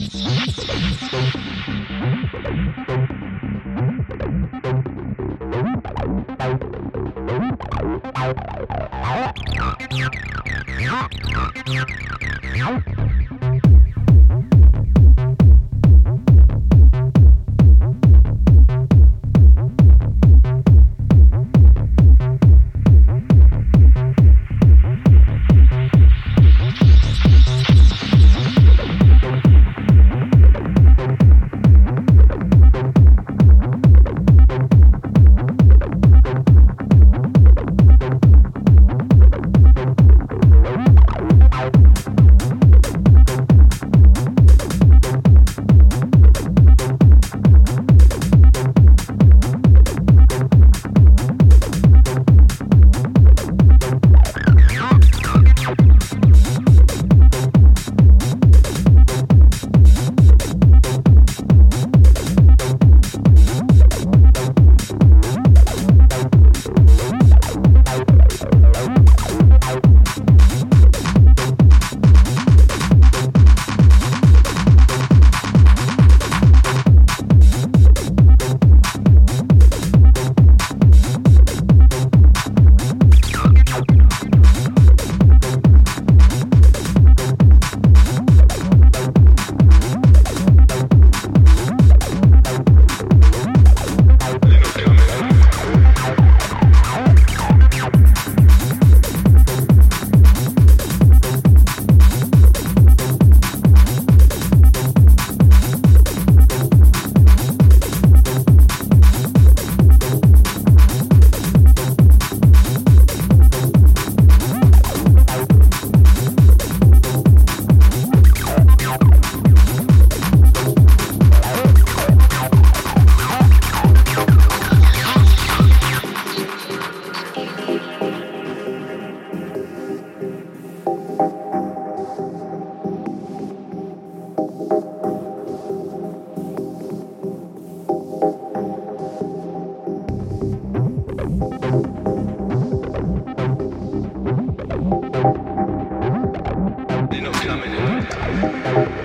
Thank you. They know coming.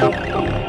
Thank you.